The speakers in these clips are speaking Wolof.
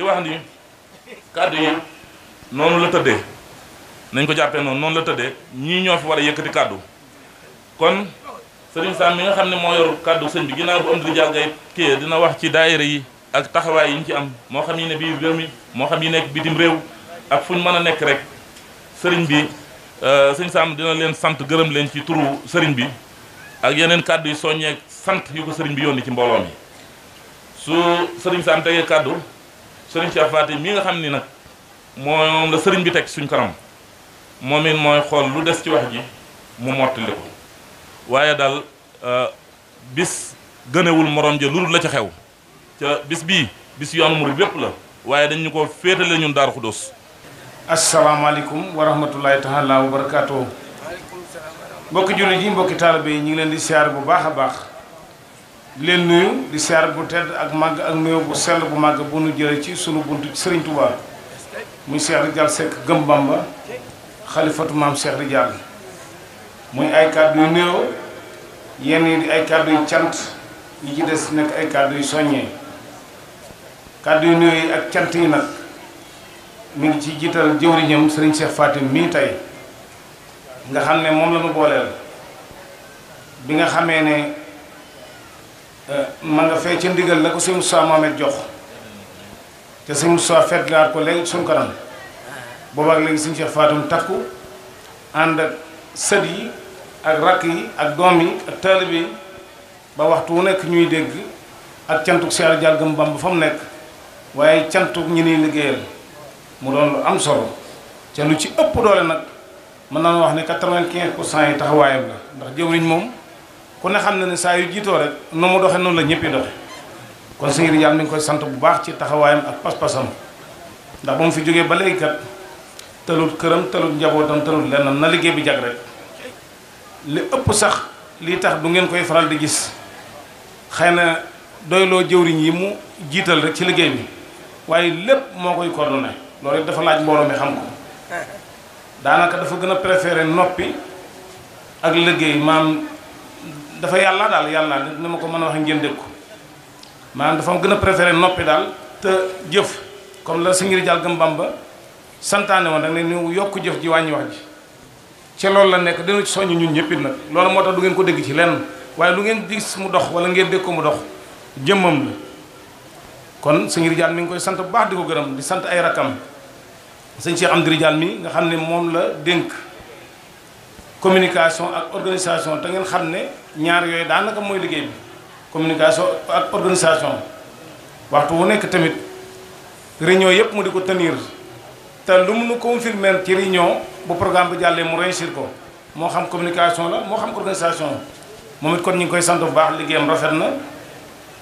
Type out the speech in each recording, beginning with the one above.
di wax ni kàddu yi noonu la tëdde nañ ko jàppee noonu noonu la tëddee ñii ñoo fi war a yëkkati kàddu kon sëriñ Sam mi nga xam ne moo yor kàddu sëñ bi bu am di jàll ngay kii dina wax ci daayira yi ak taxawaay yi ñu ci am moo xam yi ne biir réew mi moo xam yi nekk bitim réew ak fu ñu mën a nekk rek sëriñ bi euh, sëñ saam dina leen sant gërëm leen ci turu sëriñ bi ak yeneen kàddu yi soññeek sant yu ko sëriñ bi yónni ci mbooloo mi su sëriñ Sam tegee kàddu. sëriñ Cheikh Faty mi nga xam ni nag moom la sëriñ bi teg suñ kanam moom it mooy xool lu des ci wax ji mu mottali ko waaye daal bis gënewul morom ja lu dul la ca xew ca bis bii bis yoonu murid bépp la waaye dañ ñu ko féetale ñun Daaru Xuddoos asalaamaaleykum wa rahmatullahi taala wa barakaatu mbokki jullit yi mbokki taalibe yi ñu ngi leen di siyaar bu baax a baax di leen nuyu di ser bu tedd ak mag ak nuyu bu sel bu mag bu nu jëlee ci sunu buntu Serigne Touba muy Cheikh Ridial sek gem Bamba khalifatu mam Cheikh Ridial muy ay cadeau nuyu nuyoo yenn yi di ay cadeau yi tiant yi ci dess nekk ay cadeau yi soññee cadeau nuyu yi ak tiant yi nak mi ngi ci jiital ñam Serigne Cheikh Fatim mi tay nga xamne ne la ma bolel bi nga xamee ne ma nga fee ci ndigal la ko sëñ Moussa Mohamed jox te sëñ Moussa fet fetlaat ko léegi suñ kanam boobaak léegi sëñ Cheikh Fatum takku ànd ak sët yi ak rakk yi ak doom yi ak talib yi ba waxtu wu nekk ñuy dégg ak cantuk Cheikh àll jàlgam bamb fa mu nekk waaye cantuk ñi ni liggéeyal mu doon lu am solo ca lu ci ëpp doole nag mën naa wax ne 95 pour cent yi taxawaayam la ndax jëwriñ moom ku ne xam na ne saa yu jiitoo rek nu mu noonu la ñëpp yi doxe kon sëñ Rijaal mi koy sant bu baax ci taxawaayam ak pas-pasam ndax ba fi jógee ba léegi kat talut këram talut njabootam talut lenn na liggéey bi jag rek ëpp sax lii tax du ngeen koy faral di gis xëy na doyloo jëwriñ yi mu jiital rek ci liggéey bi waaye lépp moo koy coordonné loolu it dafa laaj mbooloo mi xam ko daanaka dafa gën a préféré noppi ak liggéey maam dafa yàlla daal yàlla ni ma ko mën a wax ngeen dégg ko maanaam dafa gën a préféré noppi daal te jëf comme la si ngir jàll gëm Bamba santaane woon da nga ne yokk jëf ji wàññi wax ji ci loolu la nekk dina ci soññ ñun ñëppit nag loolu moo tax du ngeen ko dégg ci lenn waaye lu ngeen diis mu dox wala ngeen dégg ko mu dox jëmmam la kon sëñ Rijaal mi ngi koy sant bu baax di ko gërëm di sant ay rakam sëñ Cheikh Amdi Rijaal mi nga xam ne moom la dénk communication ak organisation te ngeen xam ne ñaar yooyu daanaka mooy liggéey bi communication ak organisation waxtu wu nekk tamit réunion yëpp mu di ko tenir te lu mu nu confirmer ci réunion bu programme bi jàllee mu réussir ko moo xam communication la moo xam organisation moom it kon ñu ngi koy sant bu baax liggéeyam rafet na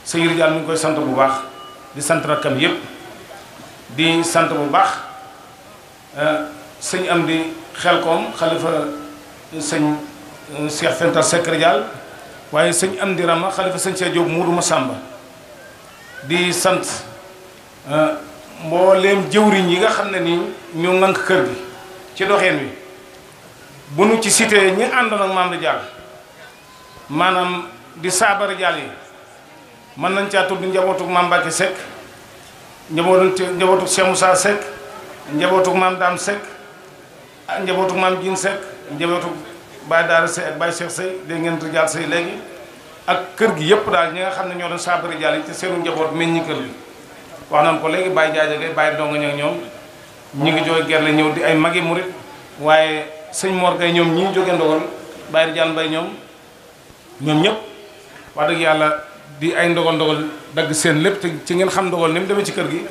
sëñ Yiri Jàll mi ngi koy sant bu baax di sant rakkam yëpp di sant bu baax euh, sëñ am di xel koom xalifa euh, sëñ euh, Cheikh Fental Sekre Jàll waaye sëñ Amdi Rama xalifa sa Cheikh Diop Mourou Massamba di sant euh, mbooleem jëwriñ yi nga xam ne nii ñu ngank kër gi ci doxeen wi bu nu ci cité ñi àndoon ak maam la maanaam di saabara jàll yi mën nañ caa tudd njabootuk maam Mbacke Seck njabootu njabootuk Cheikh Moussa Seck njabootuk maam Dame Seck njabootuk maam Dine Seck njabootuk Baye daal Sey ak Baye Cheikh Sey dégg ngeen rijaal Sey léegi ak kër gi yëpp daal ñi nga xam ne ñoo doon saabari rijaal yi te seenu njaboot ñi kër gi wax nañ ko léegi Baye Jaaja bay Baye Donga ñoom ñoom ñi ngi jóge gerle ñëw di ay magi murit waaye sëñ Mor Gay ñoom ñii jóge ndogal Baye ñoom ñoom ñëpp wax dëgg yàlla di ay ndogal ndogal dagg seen lépp te ci ngeen xam ndogal ni mu demee ci kër gi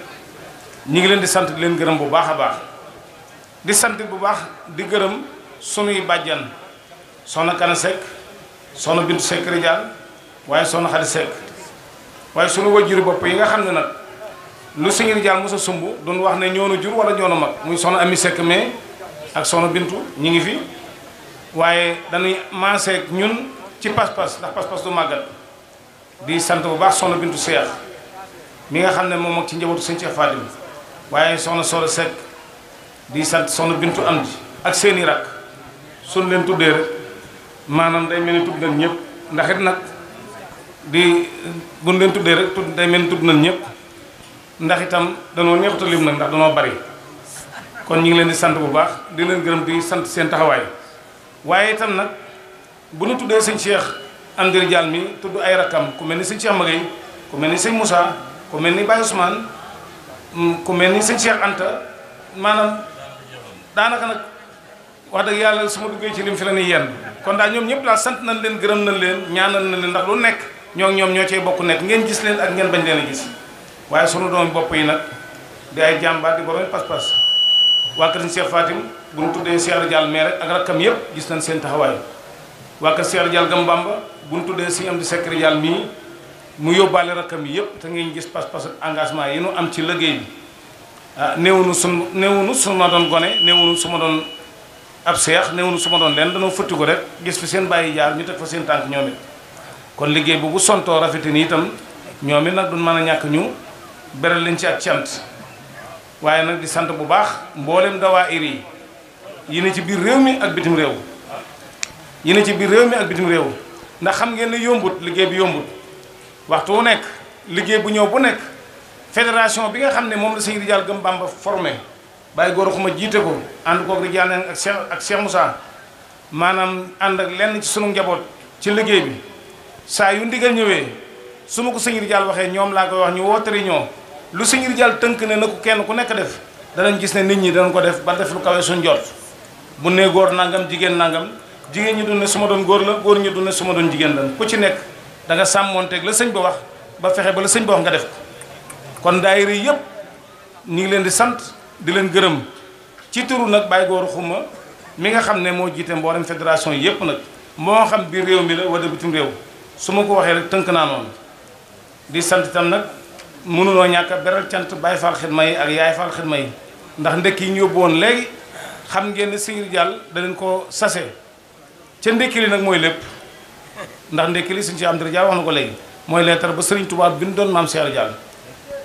ñi ngi leen di sant leen gërëm bu baax a baax di sant bu baax di gërëm sunuy bàjjan soxna Kana sek, soxna bint sek Rijal waye soxna xali sek waye sunu wajuru bop yi nga xamne nak lu sëñ Rijal musa sumbu, dun wax ne ñono jur wala ñono mak, muy soxna Ami sek me ak soxna Bintu ñi ngi fi waye dañuy maaseeg ñun ci pas pass ndax pas-pas du magal di sant bu baax soxna Bintu cheikh mi nga xamne mom ak ci njabotu seigne cheikh Fatim waye soxna sek di sant soxna Bintu Amdi ak seeni rak sun len tuddee rek manam day melni tud nañ ñep ndax it nak di buñ leen tudde rek tud day melni tud nañ ñep ndax itam danoo neexuta lim nag ndax danoo bari kon ñi ngi leen di sant bu baax di leen gërëm di sant seen taxaway waye itam nak bu tudde tuddee Cheikh andir Diall mi tudd ay rakam ku melni ni Cheikh Magay ku melni ni Moussa ku melni Baye Ousmane ku melni ni Cheikh Anta manam danaka nak wax deug yalla sama duggé ci lim fi la ñuy yenn kon da ñom ñepp daal sant nañ leen gërëm nañ leen ñaanal nañ leen ndax lu nekk ñok ñom ñoo cey bokku nekk ngeen gis leen ak ngeen bañ leen gis waye sunu doom bop yi nak di ay jàmbaar di borom pas-pas wa kër Cheikh Fatim bu ñu tuddé Cheikh dial mais ak rakam yépp gis nañ seen taxaway wa ka Cheikh dial gam Bamba bu ñu tuddé ci am di Seck dial mi mu yobale rakam yépp ta ngeen gis pas-pas engagement yi ñu am ci liggéey bi ah néewunu sunu néewunu su ma doon gone newunu su ma doon ab seex néewnu su ma doon leen danoo fëtti ko rek gis fi seen bàyyi jaar ñu teg fa seen tànk ñoom kon liggéey bu bu sontoo rafete ni itam ñoom it nag duñ mën a ñàkk ñu beral leen ci ak cant waaye nag di sant bu baax mboolem dawaayir yi yi ne ci biir réew mi ak bitim réew yi ne ci biir réew mi ak bitim ndax xam ngeen ne yombut liggéey bi yombut waxtu wu nekk liggéey bu ñëw bu nekk fédération bi nga xam ne moom la Seydi Diallo Gëm Bamba formé bàyyi góor xuma jiite ko ànd kook rek ak Cheikh ak seex Moussa maanaam ànd ak lenn ci sunu njaboot ci liggéey bi saa yu ndigal ñëwee su ma ko sëñir jàll waxee ñoom laa koy wax ñu woo réunion lu sëñir jàll tënk ne na ko kenn ku nekk def danañ gis ne nit ñi danañ ko def ba def lu kawee suñu jot bu ne góor nangam jigéen nangam jigéen ñi doon ne su ma doon góor la góor ñi du ne su ma doon jigéen la ku ci nekk da nga sàmmoonteeg la sëñ ba wax ba fexe ba la sëñ ba nga def ko ngi leen di sant di leen gërëm ci turu nag Baye Gora Khouma mi nga xam ne moo jiite mboolem fédération yépp nag moo xam biir réew mi la wala bitim réew su ma ko waxee rek tënk naa noonu di sant itam nag mënunoo ñàkk beral cant Baye Fall xidma yi ak Yaay Fall xidma yi ndax ndekki yi ñu yóbbu woon léegi xam ngeen ne Sëriñ Jàll da leen ko sase ca ndekki li nag mooy lépp ndax ndekki li suñu si am dara Jàll wax na ko léegi mooy leetar ba Sëriñ Tuubaa bi ñu doon maam Seex Jàll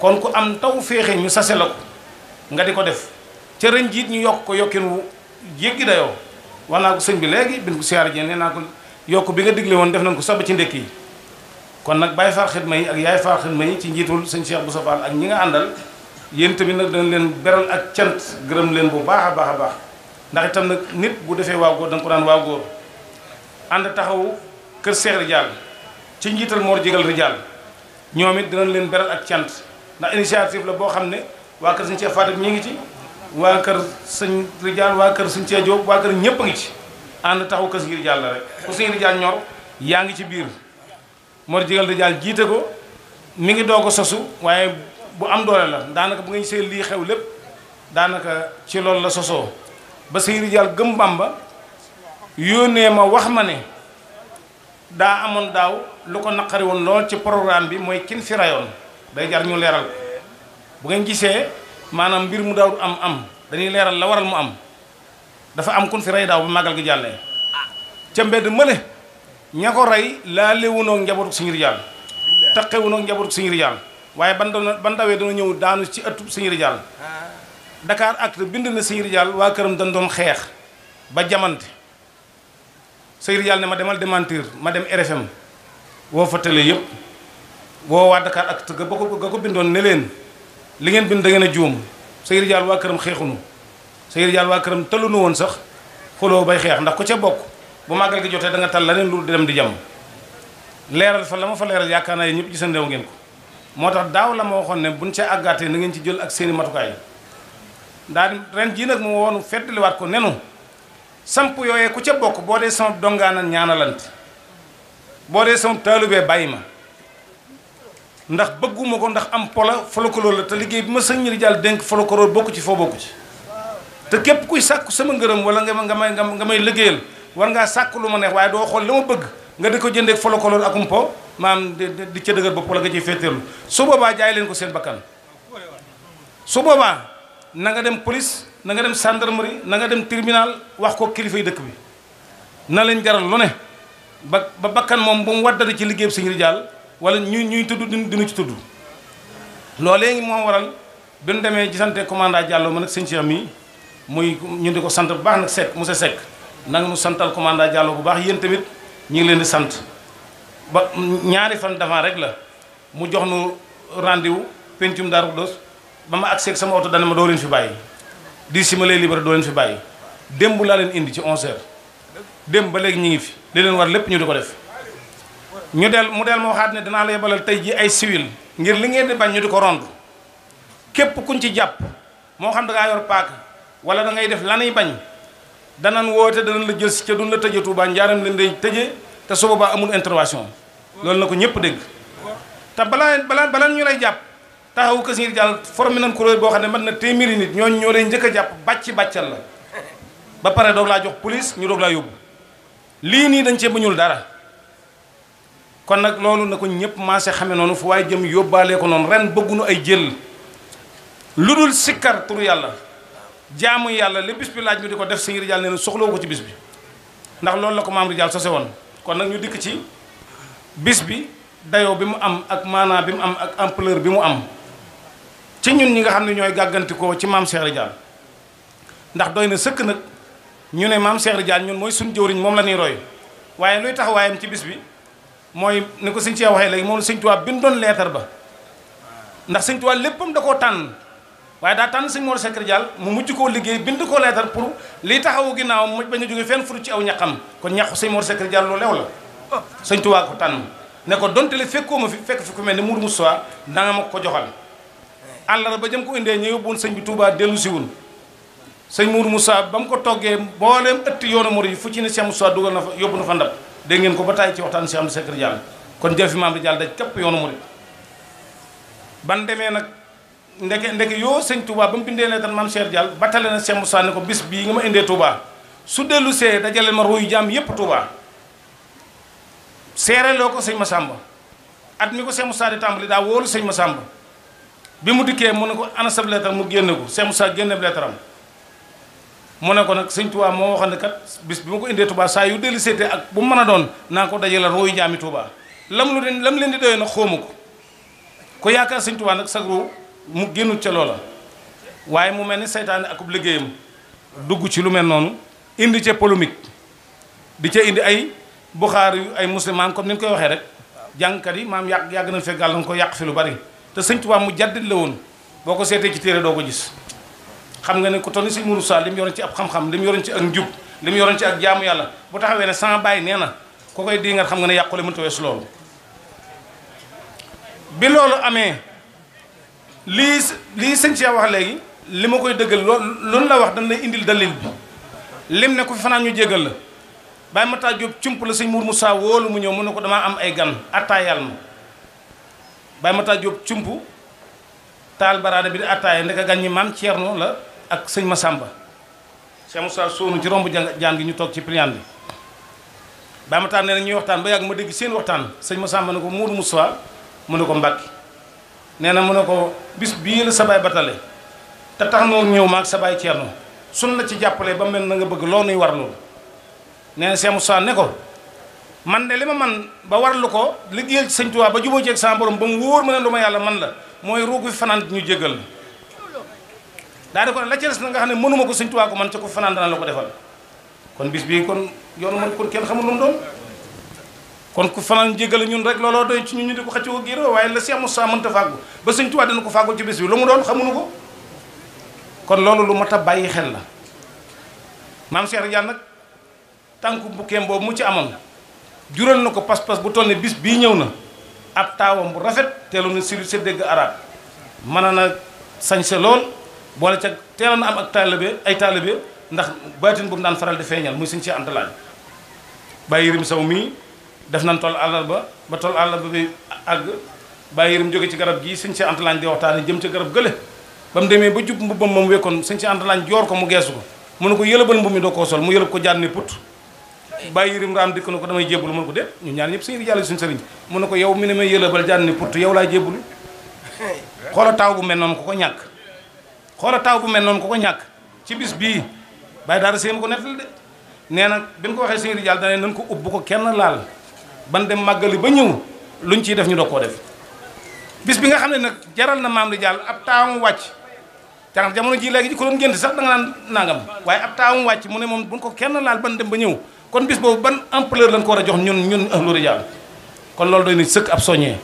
kon ku nga diko def ci reñ jit ñu yok ko yokkin wu yéggi dayo wax ko señ bi legi bin ko siar jene na ko yok bi nga diglé won def nañ ko saba ci ndekki kon nak bàyyi far xit may ak yaay far xit may ci njitul señ Cheikh Boussa Fall ak ñi nga andal yeen tamit nak dañ leen beral ak gërem leen bu baaxa baaxa baax ndax itam nak nit bu defé waaw goor da ko daan waaw goor and taxawu keur Cheikh Ridial ci njital Mor Jigal ñoomit dañ leen beral ak ndax initiative la bo xamne waa kër suñu cee Fatick ñi ngi ci waa kër sëñ Rijal waa kër suñu cee Jóob waa kër ñëpp a ngi ci ànd taxaw kës suñu Rijal la rek ku suñu ñor yaa ngi ci biir Mor Jigal Rijal jiite ko mi ngi doog a sosu waaye bu am doole la daanaka bu nga gisee lii xew lépp daanaka ci loolu la sosoo ba suñu Rijal gëm Bàmba yónnee ma wax ma ne daa amoon daaw lu ko naqari woon lool ci programme bi mooy kin fi rayoon day jar ñu leeral bu ngeen gisee maanaam mbir mu daaw am am dañuy leeral la waral mu am dafa am kon fi rey daaw ba magal gi jàllee ca mbedd mële ña ko rey laa léewunoo njabootu suñu rijaal taqewunoo njabootu suñu rijaal waaye ban doon ban dawee ñëw daanu ci ëttu suñu rijaal Dakar Actu bind na suñu rijaal waa këram dañ doon xeex ba jamante suñu rijaal ne ma demal démentir ma dem RFM woo fa télé yëpp woo waa Dakar Actu ga ba ko ga ko bindoon ne leen li ngeen bind da ngeen a juum say rijaal waa këram xeexunu say rijaal waa këram talunu woon sax xuloo bay xeex ndax ku ca bokk bu màggal gi jotee da nga tal leneen lu dem di jàmm leeral fa la ma fa leeral yaakaar naa ñëpp gisandew ngeen ko moo tax daaw la ma waxoon ne buñ ca àggaatee na ngeen ci jël ak seeni matukaay daal ren jii nag mu woonu feddaliwaat ko nenu samp yooyee ku ca bokk boo dee sama dongaana ñaanalant boo dee sama taalubee bàyyi ma ndax bëgguma ko ndax am pola folklore la te liggéey bi ma sëñ ñëri jàll dénk folo folklore bokku ci foo bokku ci te képp kuy sàkku sama ngërëm wala nga nga may nga may liggéeyal war ngaa sàkk lu ma neex waaye doo xool li ma bëgg nga di ko jëndee folklore akum po maam di ca dëgër bopp wala nga ciy féeteerlu su boobaa jaay leen ko seen bakkan su boobaa na nga dem police na nga dem gendarmerie na nga dem tribunal wax ko kilifay dëkk bi na leen jaral lu ne ba ba bakkan moom bu mu waddali ci liggéey bi sëñ jàll wala ñu ñuy tudd dinu ci tudd loolee moo waral bi ñu demee ci sante commandant Diallo ma nag sëñ Cheikh muy ñu di ko sant bu baax nag Seck monsieur Seck nanga nu santal commandant Diallo bu baax yéen tamit ñu ngi leen di sant ba ñaari fan d'avant rek la mu jox nu rendez-vous pencum Daaru Xudoos ba ma agsi ak sama oto dana ma doo leen fi bàyyi di si ma lay libéré doo leen fi bàyyi démb laa leen indi ci 11h démb ba léegi ñu ngi fi li leen war lépp ñu di ko def ñu del mu del mo xatne dana la yebalal tay ji ay civil ngir li ngeen di bañ ñu di rond kep kuñ ci japp mo xam da nga yor pak wala da ngay def lanay bañ danañ woote danañ la jël ci ca la tëjee Touba njaaram leen day tëjee te su baba amul intervention lool nako ñepp ñëpp ta balan balan balan ñu lay japp taxaw ko ngir dal formé nan ko boo bo xamne man na téeméeri nit ñoo ñoo lay njëkk japp bacc baccal la ba paré dog la jox police ñu dog la yob li ni dañ ci bañul dara kon nag loolu na ko ñëpp maase xame noonu fu waaye jëm yóbbaale ko noonu ren bëggunu ay jël lu dul sikkar turu yàlla jaamu yàlla li bis bi laaj ñu di ko def sëñ Rijaal nee na soxlawu ko ci bis bi ndax loolu la ko maam Rijaal sose woon kon nag ñu dikk ci bis bi dayoo bi mu am ak maanaa bi mu am ak ampleur bi mu am ci ñun ñi nga xam ne ñooy gàggantikoo ci maam Cheikh Rijaal ndax doy na sëkk nag ñu ne maam Cheikh Rijaal ñun mooy suñ jëwriñ moom la ñuy roy waaye luy taxawaayam ci bis bi mooy ni ko sëñ Tuubaa waxee léegi moom sëñ Tuubaa leetar ba ndax sëñ Tuubaa léppam da koo tànn waaye daa tànn sëñ Mor Sekre mu mujj koo liggéey bind ko leetar pour li taxawu ginnaaw mu bañ a jóge fenn furu ci aw ñaqam kon ñaqu sëñ Mor Sekre Dial lu lew la sëñ Tuubaa tànn ne donte li fekkoo ma fi fekk fi ku mel ni Mourou Moussa danga ma ko joxal àllara ba jëm ko indee ñu yóbbuwoon sëñ bi Touba dellu si wun sëñ Mourou Moussa ba mu ko toggee mbooleem ëtt yoonu Mourou yi fu ci ne Cheikh Moussa dugal na fa yóbbu na fa ndab dégg ngeen ko ba tàyyi ci waxtaan si am secret jàll kon jël fi maam di jàll daj képp yoonu murit ban demee nag ndeke ndeke yoo sëñ Touba ba mu bindee ne tan maam Cheikh Diall battale na Cheikh Moussa ne ko bis bii nga ma indee Touba su dellu see dajale ma ruuyu jaam yépp Touba seereloo ko sëñ sàmba at mi ko Cheikh Moussa di tàmbali daa wóolu sëñ sàmba bi mu dikkee mu ne ko ana sab leetar mu génne ko Cheikh Moussa génne leetaram mu ne ko nag sëñ Touba moo waxoon ne kat bis bi ma ko indee Touba saa yu dellu seete ak bu mu mën a doon naa ko dajale rooyu jaami Touba lam lu leen lam leen di doyee nag xóomu ko ko yaakaar sëñ Touba nag sagru mu génnu ca loola waaye mu mel ni seytaane akub liggéeyam dugg ci lu mel noonu indi ca polémique di ca indi ay buxaar yu ay muslimaan comme ni ñu koy waxee rek jàngkat yi maam yàgg yàgg nañ fee gàllan ko yàq fi lu bari te sëñ Touba mu jaddit la woon boo ko seetee ci téere doo ko gis xam nga ne ku ton ni sëñ Mourou Sall li mu yoroon ci ab xam-xam li mu yoroon ci ak njub li mu ci ak jaamu yàlla bu taxawee ne sama bàyyi nee na ku koy dii nga xam nga ne yàqule mënta wees loolu bi loolu amee lii lii sëñ ci wax léegi li ma koy dëggal lool loolu la wax dañ lay indil dalil ne ku fi ñu jégal la bàyyi ma taa Jóob sëñ Mourou Moussa wóolu mu ñëw mu ne ko damaa am ay gan attaayal ma bàyyi ma taa taal baraada bi di attaaya ndeka gan ñi maam Ceerno la ak seigne Masamba Cheikh Moussa Sow ci rombu jang gi ñu tok ci priyan bi ba ma taal ñuy ba yag ma deg seen waxtan seigne Masamba nako ko Moussa mu ne ko Mbàkke mu ne ko bis bi la sabay batale te tax no ñew maag sa baay Ceerno sun ci jàppalee ba mel na nga bëgg loonuy war loolu neena Cheikh Moussa ne ko man de lima man ba warlu ko liggéeyal ci sëñ Tuubaa ba jubo ci ak sa borom ba mu wóor ma ne man la moy rogu bi ñu jéggal daa ko la ci res na nga xam ne mënuma ko ko man ca ko fanaan dana la defal kon bis bi kon yoonu man kon kenn xamul lu mu doon kon ku fanaan jégal ñun rek looloo doy ci ñun ñu di ko xëccoo ak giiroo waaye la Cheikh Moussa mënta fàggu ba sëñ dana ko ci bis bi lu mu doon xamunu ko kon lolo lu mat a bàyyi xel la maam Cheikh Ridiane nag tànku mbukkeem boobu mu ci amoon jural na ko pas-pas bu toll ne bis bii ñëw na ab taawam bu rafet teelu na dégg arab mën na sañse lool boole ca teeloon na am ak taalibe ay taalibe ndax baatin bu mu daan faral di feeñal muy suñ ci antalaaj bàyyi yërim saw mii def nañ toll àllarba ba toll àllarba bi àgg bàyyi yërim jóge ci garab gii suñ ci antalaaj di waxtaane jëm ca garab gële ba mu demee ba jub mbubbam moom wekkoon suñ ci antalaaj joor ko mu geesu ko mu ne ko yëlëbal mbubb mi doo koo sol mu yëlëb ko jànni put bàyyi yërim raam dikk na ko damay jébbalu mu ne ko déet ñu ñaan ñëpp suñu yàlla suñu sëriñ mu ne ko yow mi ne may jànni put yow laa jébbalu xoola taaw bu mel noonu ko ko ñàkk xoola taw bu mel noonu ko ko ñàkk ci bis bii bàyyi daara seen ko nettal de nee na bi ñu ko waxee sëñ Rijaal dane nañ ko ub ko kenn laal ban dem màggali ba ñëw luñ ciy def ñu doog koo def bis bi nga xam ne nag jaral na maam Rijaal ab taawam wàcc carax jamono ji léegi ko doon gént sax da nga naan nangam waaye ab taawam wàcc mu ne moom buñ ko kenn laal ban dem ba ñëw kon bis boobu ban ampleur lañ ko war a jox ñun ñun ahlu Rijaal kon loolu doy na sëkk ab soññee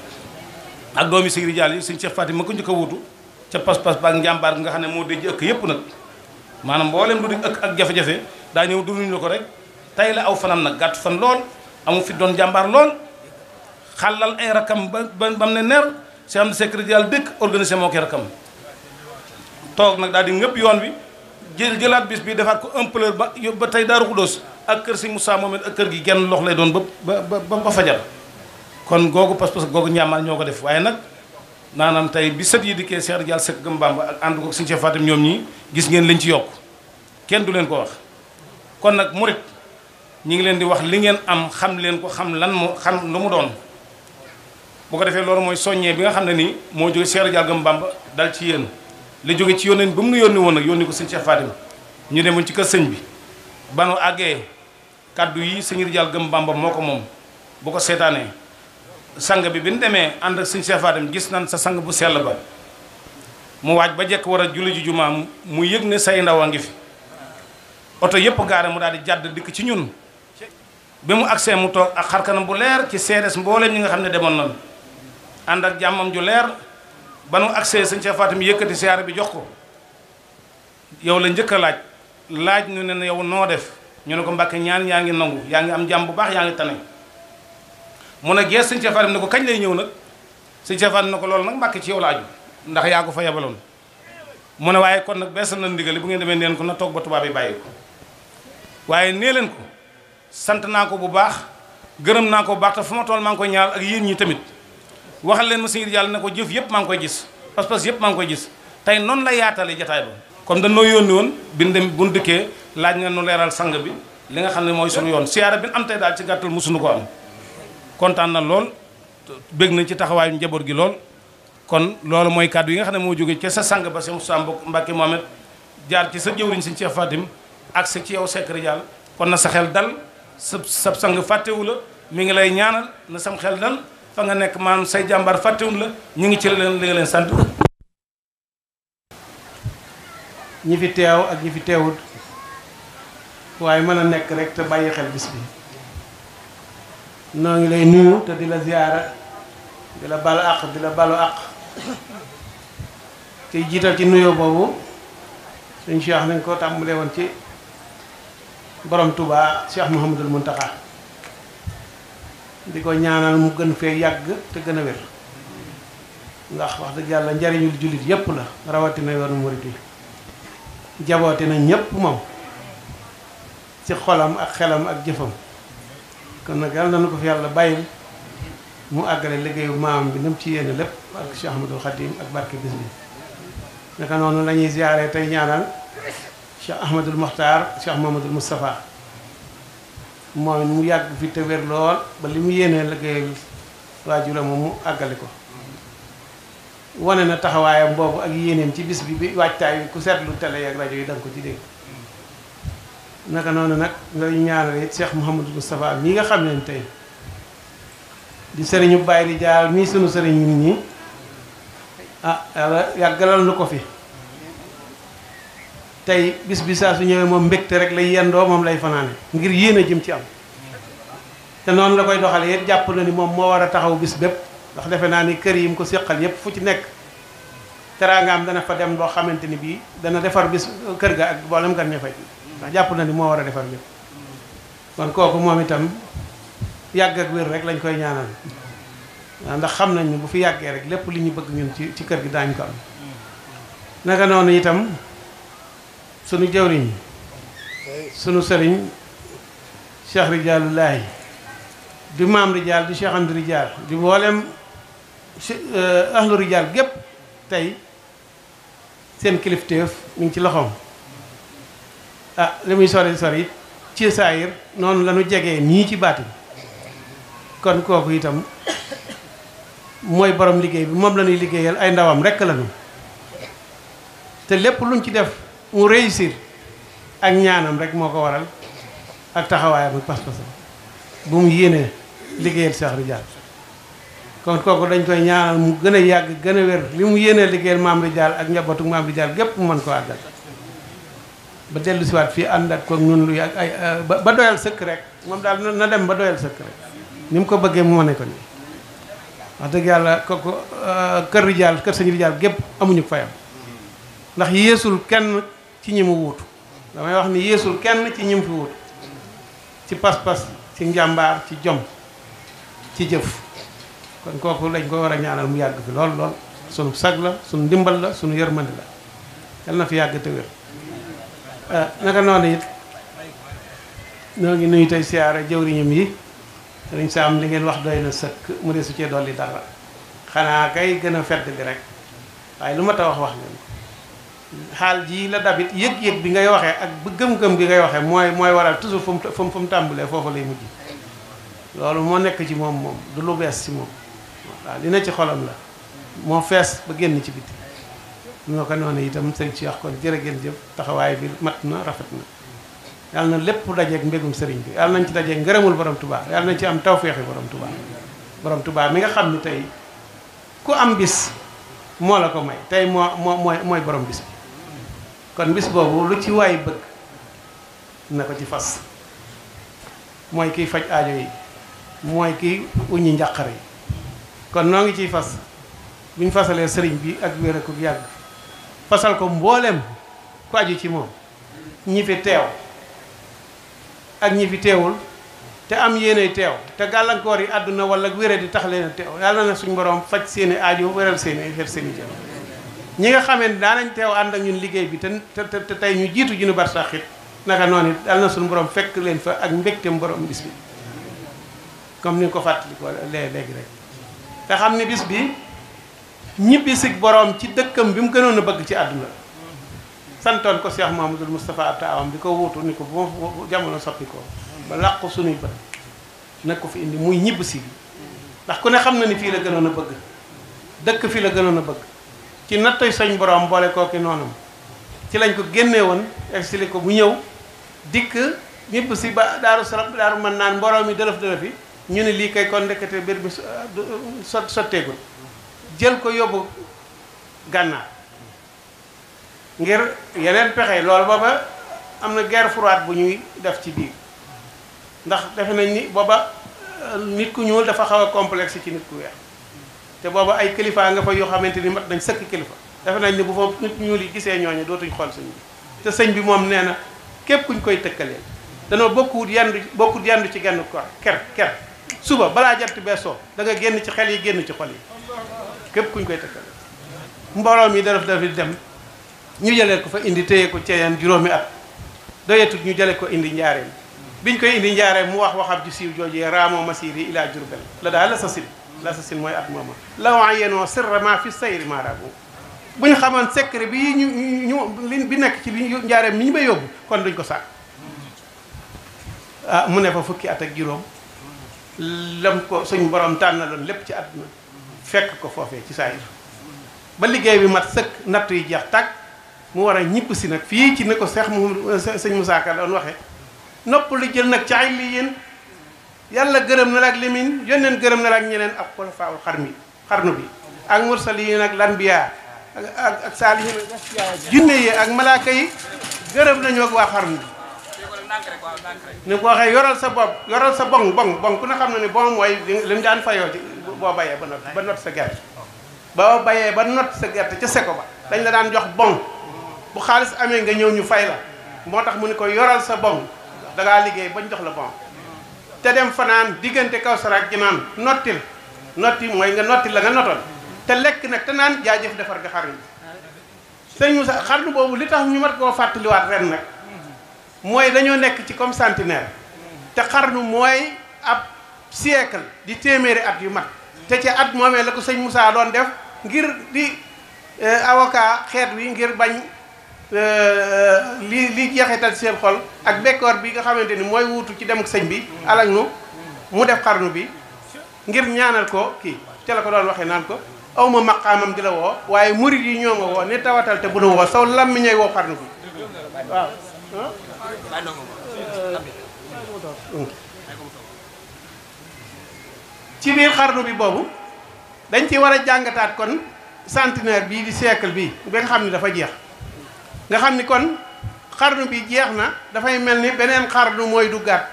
ak doomi sëñ Rijaal yi sëñ Cheikh Fatim ma ko njëkk ko wutu ci pas-pas ba ngiambar nga xam mo moo dëj ëkk yëpp nag maanaam mbooleem lu di ëkk ak jafé jafé da ñew du ñu ko rek tay la aw fanam nak gatt fan lool amu fi doon jambar lool xalal ay rakam bam ne ner ci am secrétaire yal dekk organisé mo ko rakam tok nak di yoon bi jël jëlat bis bi defat ko ampleur ba ba tey Daaru dos ak keur si Moussa Mohamed ak keur gi genn lox lay doon ba ba ba fajar kon gogu pas-pas gogu ñamal ñoko def waye nak naanaam tey bi sët yi dikkee seer Ridial Seck gëm Bamba ak ànd ko suñu Cheikh Fatim ñoom ñi gis ngeen liñ ci yokk kenn du leen ko wax kon nag murit ñi ngi leen di wax li ngeen am xam leen ko xam lan mu xam lu mu doon bu ko defee loolu mooy soññee bi nga xam ne nii moo jóge seer Ridial gëm Bamba dal ci yéen li jóge ci yónneen ba mu nu yónni woon nag yónni ko suñu Cheikh ñu demoon ci kër sëñ bi banu àggee kàddu yi sëñ Ridial gëm Bamba moo ko moom bu ko seetaanee sang bi bi ñu demee ànd ak suñ seefaatam gis nan sa sang bu sell ba mu waaj ba jekk war a julli ju jumaa mu yëg ne say ndaw a ngi fi oto yëpp gaare mu daal di jàdd dikk ci ñun bi mu agsee mu toog ak xarkanam bu leer ci seeres mbooleem ñi nga xam ne demoon nan ànd ak jàmmam ju leer ba nu agsee suñ seefaatam yëkkati siyaare bi jox ko yow la njëkk laaj laaj ñu ne yow noo def ñu ne ko mbàkke ñaan yaa ngi nangu yaa ngi am jàmm bu baax yaa ngi tane mu ne gees sëñ Cheikh Fatim ne ko kañ lay ñëw nag sëñ Cheikh Fatim ko loolu nag mbàkk ci yow la ndax yaa ko fa yabaloon mu ne waaye kon nag beesal na ndigali bu ngeen demee neen ko na toog ba tubaab yi bàyyi ko waaye nee leen ko sant naa ko bu baax gërëm naa ko bu baax te fu ma tool maa ngi koy ñaar ak yéen ñi tamit waxal leen ma sëñ yàlla ne ko jëf yëpp maa ngi koy gis pas-pas yëpp maa ngi koy gis tey noonu la yaatale jataay ba comme dañoo yónni woon bin dem buñ dëkkee laaj nu leeral sang bi li nga xam ne mooy sunu yoon siyaara bi am tey daal ci gàttal mosuñu ko am kontaan na lool bëgg nañ ci taxawaayu njaboot gi lool kon loolu mooy kàddu yi nga xam ne moo jóge ca sa sang ba sa Moussa Mbacke Mohamed jaar ci sa jëwriñ sëñ Cheikh Fatim ak sa ci yow secrétaire yàlla kon na sa xel dal sa sa sang fàttewu la mi ngi lay ñaanal na sam xel dal fa nga nekk maanaam say jàmbaar fàttewuñ la ñu ngi ci leen li nga leen sant. ñi fi teew ak ñi fi teewut waaye mën a nekk rek te bàyyi xel bis bi. noo ngi lay nuyu te di la ziyaara di la balu àq di la balu ak te jital ci nuyo bobu suñ cheikh nang ko tambule won ci borom Touba cheikh mohammedul muntaha di ko ñaanal mu gën fe yàgg te gëna wër ndax wax dëgg yalla njariñul julit yépp la na yoonu murit yi na ñépp mom ci xolam ak xelam ak jëfam kon nag yàlla na ko fi yàlla bàyyil mu àggale liggéeyu maam bi ni mu ci yéene lépp barke Cheikh Ahmadul Khadim ak barke bis bi naka noonu la ñuy tey ñaanal Cheikh Ahmadul Mokhtar Cheikh Mamadul Moustapha mooy mu yàgg fi te wér lool ba li mu yéene liggéeyu waajuram mu àggale ko wane na taxawaayam boobu ak yéeneem ci bis bi bi waajtaay ku seetlu télé ak rajo yi da ko ci dégg naka noonu nak ngay ñaanal it Cheikh mohammed mustafa mi nga xamne tay di serigne bàyyi di jaar mii sunu serigne nit ñi ah yàlla yàggalal lu ko fi tay bis bis sa su ñewé mom mbégte rek lay yendo mom lay fanane ngir yéena jëm ci am té non la koy doxale yépp japp na ni mom mo wara taxaw bis bép ndax défé na ni kërim ko sékkal yépp fu ci nekk am dana fa dem bo xamanteni bi dana défar bis kër ga ak bolam gan ñafay ndax jàpp na ni moo war a defar lépp kon kooku moom itam yàgg ak wér rek lañ koy ñaanal ndax xam nañ ni bu fi yàggee rek lépp li ñu bëgg ñun ci ci kër gi daañ ko am naka noonu itam suñu jawriñ sunu sëriñ cheikh rijaalullaahi di maam rijaal di cheikh amdi rijaal di mboolem eh, ahlu rijaal gépp tey seen kilifteef mi ci loxoom ah li muy sori sori it ci saayir noonu la ñu jegee nii ci baatin kon kooku itam mooy borom liggéey bi moom la liggéeyal ay ndawam rekk la ñu te lépp luñ ci def mu réussir ak ñaanam rek moo ko waral ak taxawaayam ak pas-pasam bu mu yéenee liggéeyal Cheikh Ridial kon kooku dañ koy ñaanal mu gën a yàgg gën a wér li mu yéenee liggéeyal Maam Ridial ak njabootu Maam Ridial gépp mu mën ko àggal ba ci wat fi andat ko ñun lu yàgg ay euh, ba doyal sëkk rek mom dal na dem ba doyal sëkk rek nim ko bëgge mu ne ko ni wax dëgg yàlla kooku euh, kër rijaal kër sëñ jall gep amuñu fayam ndax yéesul kenn ci ñimu wut wuutu damay wax ni yéesul kenn ci ñim mu fi wuutu ci pas-pas ci njambar ci jom ci jëf kon kooku lañ ko wara ñaanal mu yàgg fi lool lool sunu sag la sunu dimbal la sunu yërmande la yalla na fi yàgg te wër Eh, naka noonu it ñoo ngi nuyu tey siyaara jëwriñam yi dañ sa am li ngeen wax doy na sëkk mu dee su cee dolli dara xanaa kay gën a fedd bi rek waaye lu ma ta wax wax ngeen xaal jii la dabit yëg-yëg bi ngay waxee ak bu gëm-gëm bi ngay waxee mooy mooy waral toujours fu mu fu mu tàmbalee foofu lay mujj loolu moo nekk ci moom moom du lu bees ci moom waaw li na ci xolam la moo fees ba génn ci biti noo ko noonu itam sëñ si wax kon jërë gën jëf taxawaay bi mat na rafet na yàlla na lépp dajeeg mbégum sëriñ bi yàlla nañ ci dajeeg ngërëmul borom tubaa yàlla nañ ci am tawféexi borom tubaa borom tubaa bi nga xam ni tey ku am bis moo la ko may tey moo moo mooy mooy borom bis bi kon bis boobu lu ci waay bëgg na ko ci fas mooy kiy faj aajo yi mooy kiy uñi njàqar yi kon noo ngi ciy fas buñ fasalee sëriñ bi ak wér ak yàgg fasal ko mboolem ku aju ci moom ñi fi teew ak ñi fi teewul te am yéenay teew te gàllankoor yi àdduna wala wéré di tax leen teew yàlla na suñ borom faj seeni aajo wéral seeni xer seeni jëm ñi nga xamee ne daanañ teew ànd ak ñun liggéey bi te te te tey ñu jiitu junu barsax it naka noon it yàlla na suñu borom fekk leen fa ak mbégtem borom bis bi comme ni nga ko fàttali ko léegi rek te xam ne bis bi ñibbi sig boroom ci dëkkam bi mu gënoon a bëgg ci àdduna santoon ko Cheikh Mouhamadul Moustapha Attaawam bi ko wuutu ni ko bu jamono soppi ko ba làqu sunuy bët na ko fi indi muy ñibb si ndax ku ne xam na ni fii la gënoon a bëgg dëkk fii la gënoon a bëgg ci nattay soñ borom boole kooki noonam ci lañ ko génnee woon exilé ko bu ñëw dikk ñibb ba daaru salam daaru mën naan mboroom yi dërëf dërëf yi ñu ne lii koy kon ndekete bir bi so sotteegul jël ko yóbbu gànnaar ngir yeneen pexe loolu booba am na guerre froide bu ñuy def ci biir ndax defe nañ ni booba euh, nit ku ñuul dafa xaw a complexe ci nit ku weex te booba ay kilifaa nga fa yoo xamante ni mat nañ sëkk kilifa defe nañ ni bu fa nit ñuul yi gisee ñooñu dootuñ xool sëñ bi te sëñ bi moom nee na képp kuñ koy tëkkaleel danoo bokkuwut yandu bokkut yandu ci genn ko ker ker suba balaa jant bee soo da nga génn ci xel yi génn ci xol yi ku ñu koy tëkkale mbooloo mi daf dafi dem ñu jëlee ko fa indi téye ko ceyeen juróomi at doyetut ñu jëlee ko indi njaareem biñ koy indi njaareem mu wax waxab ji siiw joojee raamoo masiri ilaa jurbel la daal la sa sin la sa sin mooy at mooma lawan yenoo sirrament fi sayri maarabu bu ñu xamoon secret bi ñu ñu bi nekk ci li njaareem mi ñu ba yóbbu kon duñ ko sàkk ah, mu ne fa fukki at ak juróom lam ko suñ borom tànnaloon lépp ci àdduna fekk ko foofee ci saa ba liggéey bi mat sëkk natt yi jeex takk mu war a ñibb si nag fii ci ne ko seex mu sëñ Moussa Ka doon waxee nopp lu jël nag ci ay lii yéen yàlla gërëm na la ak limin yónneen gërëm na la ak ñeneen ak xulafaawul xarmi xarnu bi ak ak lanbiya ak ak ak saalihin jinne yi ak malaaka yi gërëm nañu ak waa xarnu bi ni ko waxee yoral sa bopp yoral sa bong bong bong ku ne xam na ne bon mooy li daan fayoo ci boo bayee ba not ba not sa gerte boo bayee ba not sa gerte ca seko ba dañ la daan jox bonk bu xaalis amee nga ñëw ñu fay la moo tax mu ne ko yoral sa bon dangaa liggéey bañ jox la bon te dem fanaan diggante Kawsara ak Jinaan nottil notti mooy nga notti la nga notoon te lekk nag te naan jaajëf defar nga xarnu sëñ Moussa xarnu boobu li tax ñu mat koo fàttaliwaat ren nag mooy dañoo nekk ci comme centenaire te xarnu mooy ab siècle di téeméeri at yu mat te ci at moomee la ko sëñ Moussa doon def ngir di eh, avocat xeet wi ngir bañ eh, li li tal seen xol ak bekkoor bi nga xamante ni mooy wuutu ci dem sëñ bi alak nu mu def xarnu bi ngir ñaanal ko kii ca la ko doon waxee naan ko aw ma maqaamam di la woo waaye murid yi ñoo ma woo ne tawatal te bu nu woo saw làmmiñay woo xarnu bi waaw ci biir xarnu bi boobu dañ ci war a jàngataat kon centenaire bii di siècle bi ba nga xam ni dafa jeex nga xam kon xarnu bi jeex na dafay mel ni beneen xarnu mooy duggaat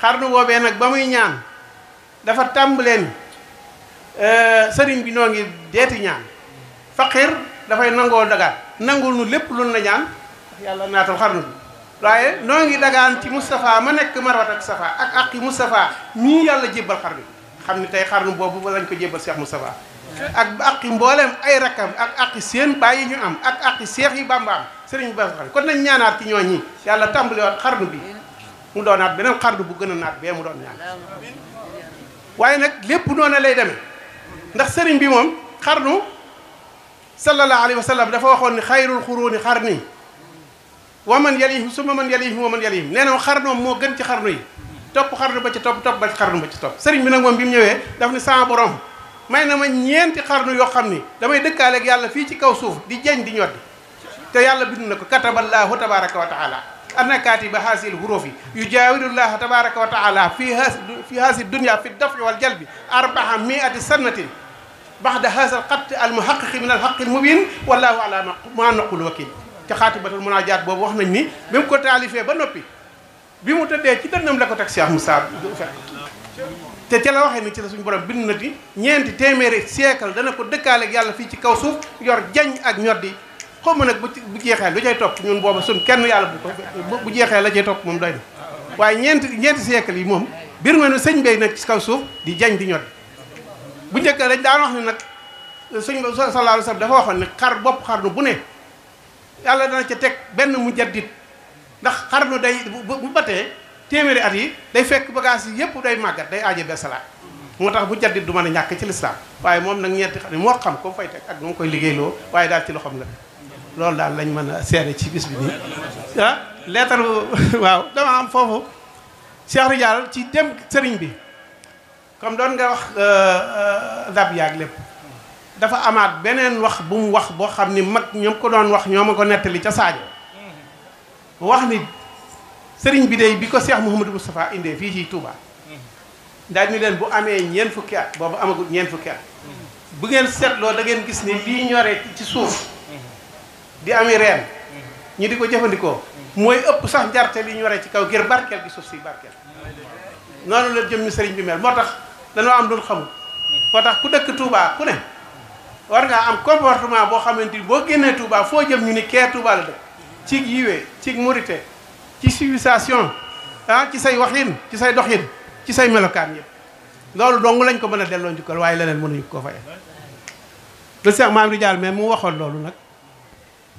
xarnu boobee nag ba muy ñaan dafa tàmbaleen e, sëriñ bi noo ngi deeti ñaan faqir dafay nangoo dagaan nangul nu lépp lu na ñaan yàlla naatal xarnu bi waaye noo ngi dagaan ci Mustafa ma nekk marwat ak safa ak aqi mustafa mii yàlla jébbal xarnu xam ne tey xarnu boobu lañ ko seex mu Moustapha ak aqi mbooleem ay rakkam ak aqi seen bàyyi ñu am ak aqi seex yi Bàmba am sëriñ ba xam kon nañ ñaanaat ci ñooñi yàlla tàmbaliwaat xarnu bi mu doonaat beneen xarnu bu gën a naat bee mu doon ñaan waaye nag lépp noonu lay demee ndax sëriñ bi moom xarnu sallallahu alayhi wa dafa waxoon ni xayrul xuruuni xarni wa man yalihim suma man yalihim wa man yalihim nee na xarnoom moo gën ci xarnu yi topp xarnu ba ci topp topp ba xarnu ba ci topp sëriñ bi nag moom bi mu ñëwee daf ni sama borom may na ma ñeenti xarnu yoo xam ni damay dëkkaaleeg yàlla fii ci kaw suuf di jañ di ñoddi te yàlla bind na ko kataballaahu tabaraka wa taala anna kaatiba haasil hurufi yujaawirullaha tabaraka wa taala fi haas fi haasi dunia fi dafi wal jalbi arbaha miati sannatin baxda haasa al qat al muhaqiqi min al haqi al mubin wallahu ala ma naqulu wakil te xaatibatul munaajaat boobu wax nañ ni bi mu ko taalifee ba noppi bi mu tëddee ci dënnam la ko teg Cheikh Moussa fekk te ca la waxee ni ci la suñu borom bind na di ñeenti téeméeri siècle dana ko dëkkaale yàlla fii ci kaw suuf yor jañ ak ñoddi xaw ma nag bu bu jeexee lu cay topp ñun booba kenn yàlla bu ko bu jeexee la cay topp moom doy na waaye ñeenti ñeenti siècle yi moom bir ma ne sëñ bay nag ci kaw suuf di jañ di ñoddi bu njëkk dañ daan wax ne nag sëñ sallallahu alayhi wasallam dafa waxoon ne xar bopp xar nu bu ne yàlla dana ca teg benn mu jaddit ndax xarnu day bu batee téeméeri at yi day fekk bagage yi yëpp day màggat day aaje besalaat moo tax bu jaddit du man a ñàkk ci lislaam waaye moom nag ñeenti xam ne moo xam ko fay teg ak nu ngi koy liggéeyloo waaye daal ci loxoom la loolu daal lañ mën a seere ci bis bi nii ah, waaw dama am foofu Cheikh Ridial ci dem sëriñ bi comme doon nga wax euh, euh, dab yaag lépp dafa amaat beneen wax bu mu wax boo xam ni mag ñoom ko doon wax ñoo ma ko nettali ca Sadio wax ni sëriñ bi de bi ko Cheikh Mouhamadou Moustapha indee fii ci Touba daal ni leen bu amee ñeent fukki at boobu amagul ñeent fukki at bu ngeen seetloo da ngeen gis ni lii ñoree ci suuf di ami reen ñu di ko jëfandikoo mooy ëpp sax njarte li ñoree ci kaw ngir barkeel gi suuf si barkeel noonu la jëm ni sëriñ bi mel moo tax dañoo am lu xamul moo tax ku dëkk Touba ku ne war ngaa am comportement boo xamante ni boo génnee Touba foo jëm ñu ni kee Touba ci yiwee ci murite ci civilisation ah ci say waxin ci say doxin ci say melokaan yëpp loolu dong lañ ko mën a delloo njukkal waaye leneen mënuñu ko faye le Cheikh Mamadou Diall mais mu waxoon loolu nag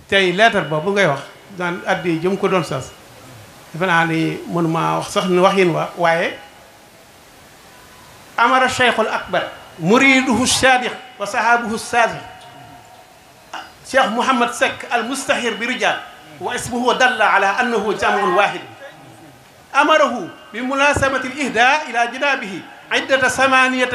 tey leetar boobu ngay wax daan addi jëm ko doon sas defe naa ni mënuma wax sax ni waxin wa waaye amara cheikhul akbar muriduhu sadiq wa sahabuhu sadiq cheikh mouhamad seck al mustahir bi rijal واسمه دل على أنه جمع واحد أمره بمناسبة الإهداء إلى جنابه عدة ثمانية